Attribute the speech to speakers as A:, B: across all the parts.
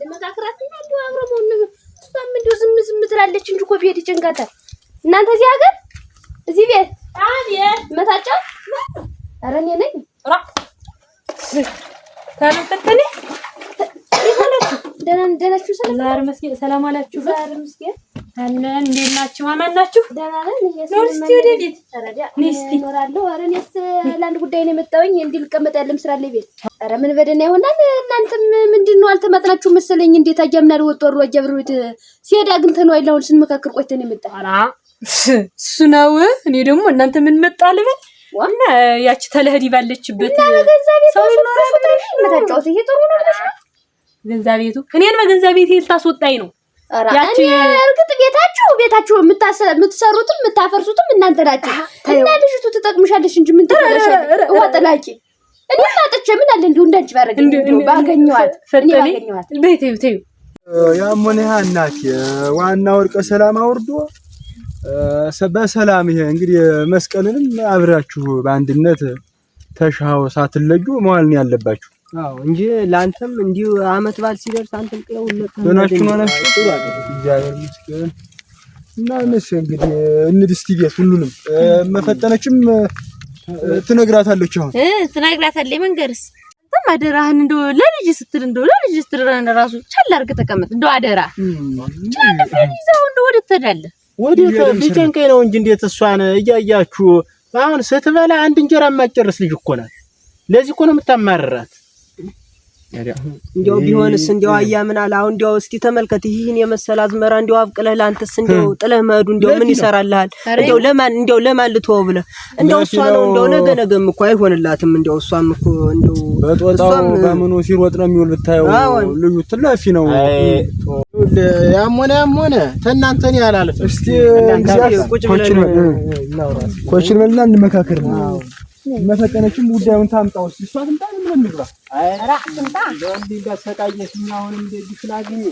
A: ልመካከራት እና እንደው አብሮ መሆን እሷም እንደው ዝም ዝም ትላለች እንጂ እኮ ብሄድ ይጨንቃታል። እናንተ እዚህ ሀገር እዚህ ቤት መታጫው ኧረ እኔ ነኝ ደናችሁ
B: ዛር መስጊድ ሰላም አላችሁ?
A: ዛር መስጊድ
B: አለን። እንዴት ናችሁ? አማን ናችሁ? ደህና ነን። እስኪ ወደ
A: ቤት እኖራለሁ። ኧረ እኔስ ለአንድ ጉዳይ ነው የመጣሁኝ። እንዲህ ልቀመጥ ያለም ስራ አለ ቤት። ኧረ ምን በደህና ይሆናል። እናንተም ምንድን ነው አልተማጥናችሁ መሰለኝ። እንዴት አጃምና ልወጡ ወሩ አጃብሩት ሲሄድ አግኝተነው አይደል? አሁን ስንመካከር ቆይተን የመጣ
B: እሱ ነው። እኔ ደግሞ እናንተ ምን መጣ ልበል እና ያቺ ተለህዲ ባለችበት
A: ሰው ይኖራል። መታጫወት ይሄ ጥሩ ነው።
B: ገንዛ ቤቱ እኔን በገንዛ ቤቴ ልታስወጣኝ ነው።
A: እርግጥ ቤታችሁ ቤታችሁ የምትሰሩትም የምታፈርሱትም እናንተ ናችሁ። እና ልጅቱ ትጠቅምሻለሽ እንጂ ምን ትጠቅምሻለሽ? ውሃ እኔ ማጥቼ ምን አለ እንዲሁ እንዳንች ባረግ ባገኘኋት
B: እኔ ባገኘኋት ቤቴ
C: ያሞን ይሄ እናቴ ዋና ወርቀ ሰላም አውርዶ በሰላም ይሄ እንግዲህ መስቀልንም አብራችሁ በአንድነት ተሻው ሳትለዩ መዋልን ያለባችሁ።
B: አዎ እንጂ ለአንተም እንዲሁ አመት በዓል ሲደርስ አንተም ቀው
C: እና ነሽ እንግዲህ እንሂድ እስቲ ቤት ሁሉንም መፈጠነችም ትነግራታለች። አሁን
A: እ ትነግራታለች መንገርስ አንተም አደራህን እንደው ለልጅ ስትል እንደው ለልጅ ስትል ራሱ ቻል አድርገህ ተቀመጥ። እንደው አደራ ቻል ፈሪዛው እንደው ወደ ተዳለ
B: ወደ ሊጨንቀኝ ነው እንጂ እንዴት እሷን እያያችሁ አሁን ስትበላ አንድ እንጀራ የማጨርስ ልጅ እኮ ናት። ለዚህ እኮ ነው የምታማርራት። እንዲያው ቢሆንስ እንዲያው አያ ምን አለ አሁን እንዲያው እስቲ ተመልከት ይህን የመሰለ አዝመራ እንዲያው አብቅለህ ለአንተስ እንዲያው ጥለህ መሄዱ እንዲያው ምን ይሰራልሃል? እንዲያው ለማን እንዲያው ለማን ልትወው ብለህ እንዲያው እሷ ነው እንዲያው ነገ ነገም እኮ አይሆንላትም። እንዲያው እሷም እኮ እንዲያው
C: በጦጣው በምኑ ሲሮጥ ነው የሚውል ብታየው ልዩ ትለፊ ነው። ያም ሆነ ያም ሆነ ተናንተ ነው ያላልፍ። እስቲ ቁጭ ብለን ኮችን እንመካከር ነው መሰጠነችም ጉዳዩን ታምጣው እስኪ እሷ ትምጣ ምን እንግባ
A: ኧረ ትምጣ
B: ለወንድ እንዳሰቃየሽ እና አሁንም ስላገኘ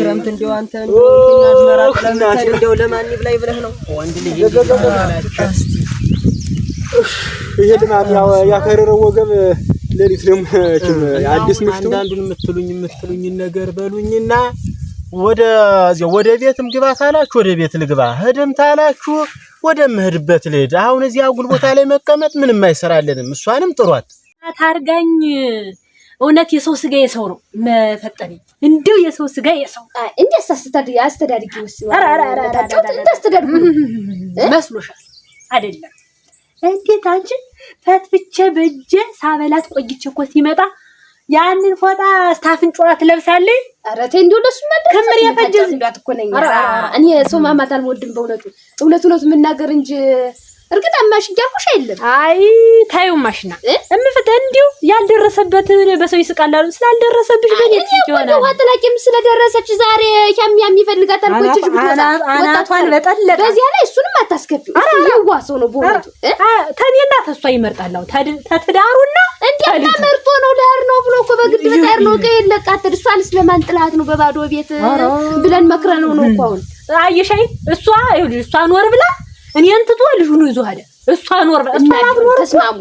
A: ክረምት እንደው አንተ እንደው ለማን ይብላኝ ብለህ ነው ወንድ ልጅ
C: ይሄ ድማም ያው ያከረረው ወገብ ሌሊት ደግሞ
B: አዲስ ምሽቱ አንዳንዱን የምትሉኝ የምትሉኝ ነገር በሉኝና ወደ ወደ ቤትም ግባ ታላችሁ፣ ወደ ቤት ልግባ፣ ህድም ታላችሁ ወደ ምህድበት ልሂድ። አሁን እዚህ አጉል ቦታ ላይ መቀመጥ ምንም አይሰራልንም። እሷንም ጥሯት
A: ታርጋኝ። እውነት የሰው ስጋ የሰው ነው መፈጠሪ እንዲሁ የሰው ስጋ የሰው እንዴ አስተዳድ አስተዳድጊ መስሎሻል አይደለም? እንዴት አንቺ ፈትፍቼ በእጄ ሳበላት ቆይቼ እኮ ሲመጣ ያንን ፎጣ ስታፍን ጮራ ትለብሳለች። ረቴ እንዲሁ እንደው ለሱ ማደረ
B: ከምር ያፈጀዝ
A: እንዳትኮነኝ። እኔ ሰው ማማት አልወድም በእውነቱ እውነት እውነት መናገር እንጂ እርግጥ አማሽ እያልኩሽ አይደለም።
B: አይ ታዩ ማሽና እምፈተ እንዲሁ ያልደረሰበት በሰው ይስቃላሉ። አሉ ስላልደረሰብሽ በኔት
A: ይሆናል። ውሃ ጥላቂም ስለደረሰች ዛሬ ያም ያም ይፈልጋት አልቆችሽ
B: አናቷን በጠለቀ
A: በዚያ ላይ እሱንም አታስከፊ ይዋ ሰው ነው በእውነቱ
B: ተኔና ተሷ ይመርጣላው ተትዳሩና
A: እንዲያና መርጦ ነው ለህር ነው ብሎ እኮ በግድ በታር ነው ቀይ ለቃት እሷን ስለማን ጥላት ነው በባዶ ቤት ብለን መክረነው ነው እኮ አሁን
B: አየሻይ እሷ እሷ ኖር ብላ እኔን ትቶ ልጁን ይዞ ሄደ። እሷ ኖር እሷ
A: አትኖር። ተስማሙ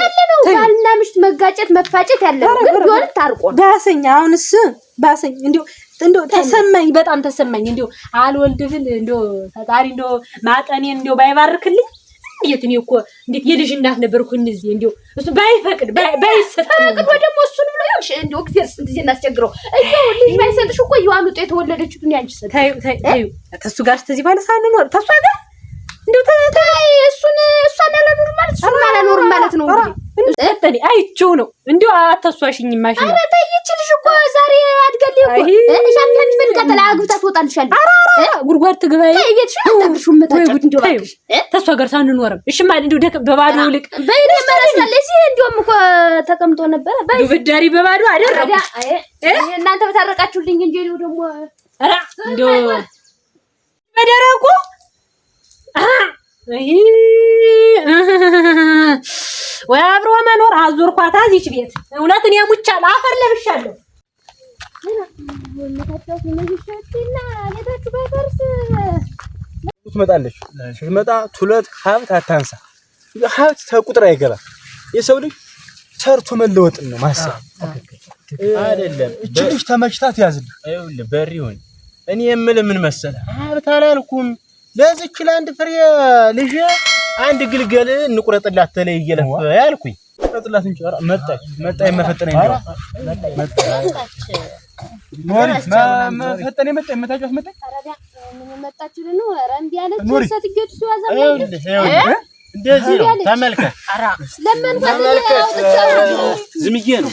A: ያለነው ባልና ምሽት መጋጨት መፋጨት ያለነው ግን ቢሆን ታርቆ ነው።
B: ባሰኝ አሁንስ ባሰኝ። እንዲያው እንዲያው ተሰማኝ፣ በጣም ተሰማኝ። እንዲያው አልወልድ ብል እንዲያው ፈጣሪ እንዲያው ማጠኔን እንዲያው ባይባርክልኝ እንዴት እኔ እኮ እንዴት የልጅ እናት ነበርኩ። እንዚህ እንዲያው እሱ ባይፈቅድ ባይሰጥ
A: ፈቅዶ ደግሞ እሱን ብሎ ያሽ እንዲያው እግዚአብሔር ስንት ጊዜ እናስቸግረው እያው ልጅ ባይሰጥሽ እኮ ይዋሉ ጤ የተወለደችው ምን ያንቺ ሰጥ
B: ተይው ተይው ተሱ ጋር ስለዚህ ባለ ሳንኖር ተሷ ጋር
A: እንደው ተታይ እሱን እሱ አዳለኑር ማለት እሱ አዳለኑር ማለት ነው
B: እንዴ? እኔ አይቼው ነው እንደው አታሷሽኝ ማሽን።
A: ኧረ ተይ ይቺ ልጅ እኮ ዛሬ አድጋለሁ እኮ እሺ። አንተ ምን ቀጠላ አግብታ ትወጣልሻለች።
B: ኧረ ጉድጓድ ትግባ
A: ይየት ታብሹ መታጨት
B: እንደው ባክሽ ተሷ ጋር ሳንኖርም እሺ ማለት እንደው ደክ በባዶ ልቅ
A: በይ ተመለስለሽ። እንደውም እኮ ተቀምጦ ነበረ በይ
B: ብዳሪ በባዶ አደረኩ።
A: እናንተ በታረቃችሁልኝ እንጂ ደግሞ
B: ኧረ እንደው
A: በደረቁ ወይ አብሮ መኖር ኳታ እዚች ቤት እውነት እኔ ሙቻ አፈር ለብሻለሁ።
C: ትመጣለች ስትመጣ ቱለት ሀብት አታንሳ። ሀብት ተቁጥር አይገባም። የሰው ልጅ ሰርቶ መለወጥን ነው ማሰብ አይደለም። እች ልጅ ተመችታት
B: ያዝልህ። በሪ ሆን እኔ የምልህ ምን መሰለህ
C: ሀብት አላልኩም
B: ለዚች ለአንድ ፍሬ ልጅ አንድ ግልገል እንቁረጥላት ተለይ እየለፈ ያልኩኝ
C: ቁረጥላት እንጂ መጣች መጣ የመፈጠነ እንጂ መጣ ኖሪ መፈጠነ መጣ የመታጫት መጣ
B: እንደዚህ ነው። ተመልከት፣
C: ዝምዬ ነው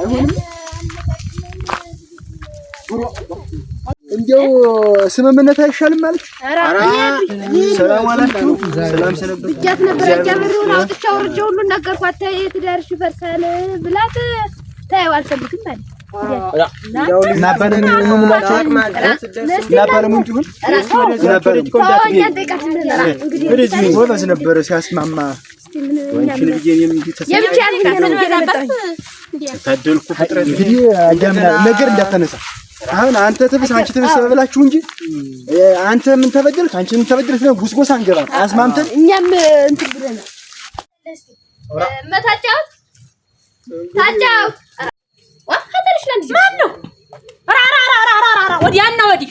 C: አይሆንም። እንዲያው ስምምነት አይሻልም ማለች። ሰላም አላችሁ። ሰላም ሰነበት
A: ብቻት ነበር ያጃምሩን አውጥቼ አውርጄ ሁሉ ነገርኳት። ታይ ትዳርሽ ይፈርሳል ብላት ታየው አልፈልግም ማለት
C: ነበረ ሲያስማማ ታደልኩ ፍጥረት እንግዲህ አያምና ነገር እንዳታነሳ አሁን አንተ ትብስ አንቺ ትብስ ተበላችሁ እንጂ አንተ ምን ተበደልክ አንቺ ምን ተበደልክ ነው። ጉስጎሳ አንገባ አስማምተን
A: እኛም እንትን ብለና መታጫው ታጫው ወ ከደረሽ ለምን ማን ነው ራ ወዲያና ወዲህ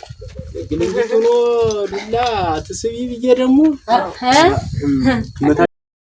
C: ግንኙነት ብሎ ዱላ ትስቢ ብዬ ደግሞ